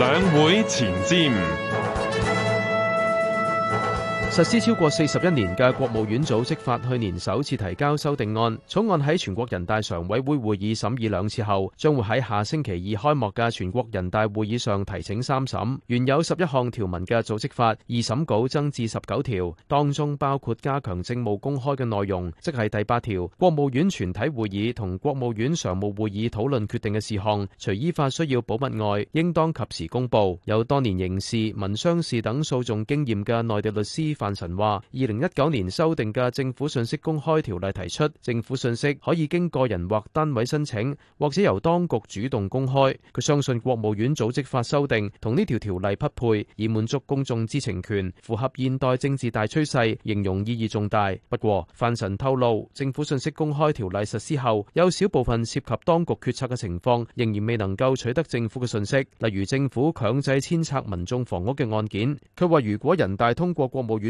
兩會前瞻。實施超過四十一年嘅國務院組織法去年首次提交修訂案，草案喺全國人大常委會會議審議兩次後，將會喺下星期二開幕嘅全國人大會議上提請三審。原有十一項條文嘅組織法二審稿增至十九條，當中包括加強政務公開嘅內容，即係第八條：國務院全體會議同國務院常務會議討論決定嘅事項，除依法需要保密外，應當及時公佈。有多年刑事、民商事等訴訟經驗嘅內地律師。范臣話：二零一九年修訂嘅政府信息公開條例提出，政府信息可以經個人或單位申請，或者由當局主動公開。佢相信國務院組織法修訂同呢條條例匹配，以滿足公眾知情權，符合現代政治大趨勢，形容意義重大。不過，范臣透露，政府信息公開條例實施後，有少部分涉及當局決策嘅情況仍然未能夠取得政府嘅信息，例如政府強制遷拆民眾房屋嘅案件。佢話如果人大通過國務院，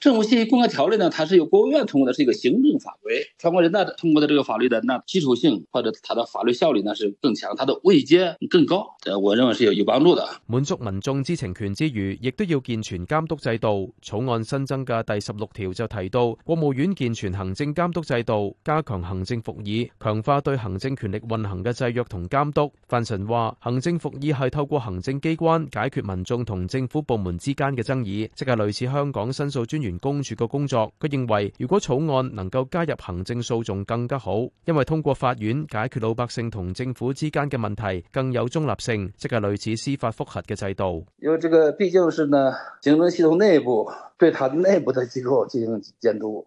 政府信息公開條例呢，它是由國務院通過的，是一個行政法規。全國人大通過的這個法律的，那基礎性或者它的法律效力呢是更強，它的位階更高。我認為是有有幫助的。滿足民眾知情權之餘，亦都要健全監督制度。草案新增嘅第十六條就提到，國務院健全行政監督制度，加強行政復議，強化對行政權力運行嘅制約同監督。范晨話，行政復議係透過行政機關解決民眾同政府部門之間嘅爭議，即係類似香港申訴專。員公署嘅工作，佢認為如果草案能夠加入行政訴訟更加好，因為通過法院解決老百姓同政府之間嘅問題更有中立性，即係類似司法複核嘅制度。因為這個畢竟是呢，行政系統內部對他內部的機構進行監督。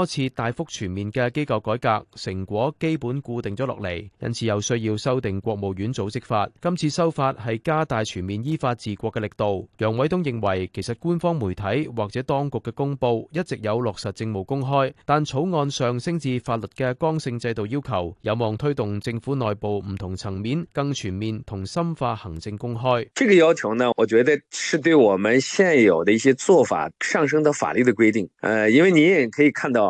多次大幅全面嘅機構改革成果基本固定咗落嚟，因此又需要修訂《國務院組織法》。今次修法係加大全面依法治國嘅力度。楊偉東認為，其實官方媒體或者當局嘅公布一直有落實政務公開，但草案上升至法律嘅剛性制度要求，有望推動政府內部唔同層面更全面同深化行政公開。這個要求呢，我覺得是對我們現有的一些做法上升到法律的規定。呃，因為你也可以看到。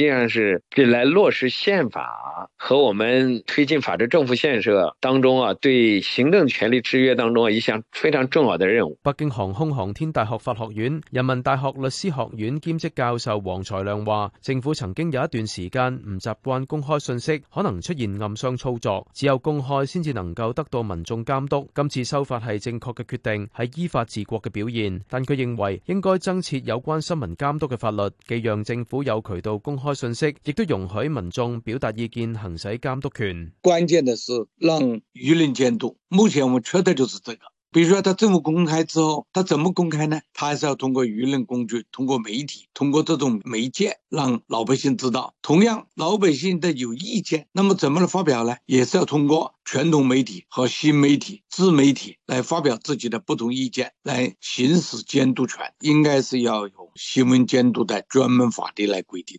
實際上是來落實憲法和我們推進法治政府建設當中啊，對行政權力制約當中一項非常重要的任務。北京航空航天大學法學院、人民大學律師學院兼職教授黃才亮話，政府曾經有一段時間唔習慣公開信息，可能出現暗箱操作，只有公開，先至能夠得到民眾監督。今次修法係正確嘅決定，係依法治國嘅表現。但佢認為應該增設有關新聞監督嘅法律，既讓政府有渠道公開。信息亦都容許民眾表達意見，行使監督權。關鍵的是讓輿論監督。目前我們缺的就是這個。比如說，他政府公開之後，他怎麼公開呢？他還是要通過輿論工具、通過媒體、通過這種媒介，讓老百姓知道。同樣，老百姓的有意見，那麼怎麼來發表呢？也是要通過傳統媒體和新媒體、自媒體來發表自己的不同意見，來行使監督權。應該是要用新聞監督的專門法律來規定。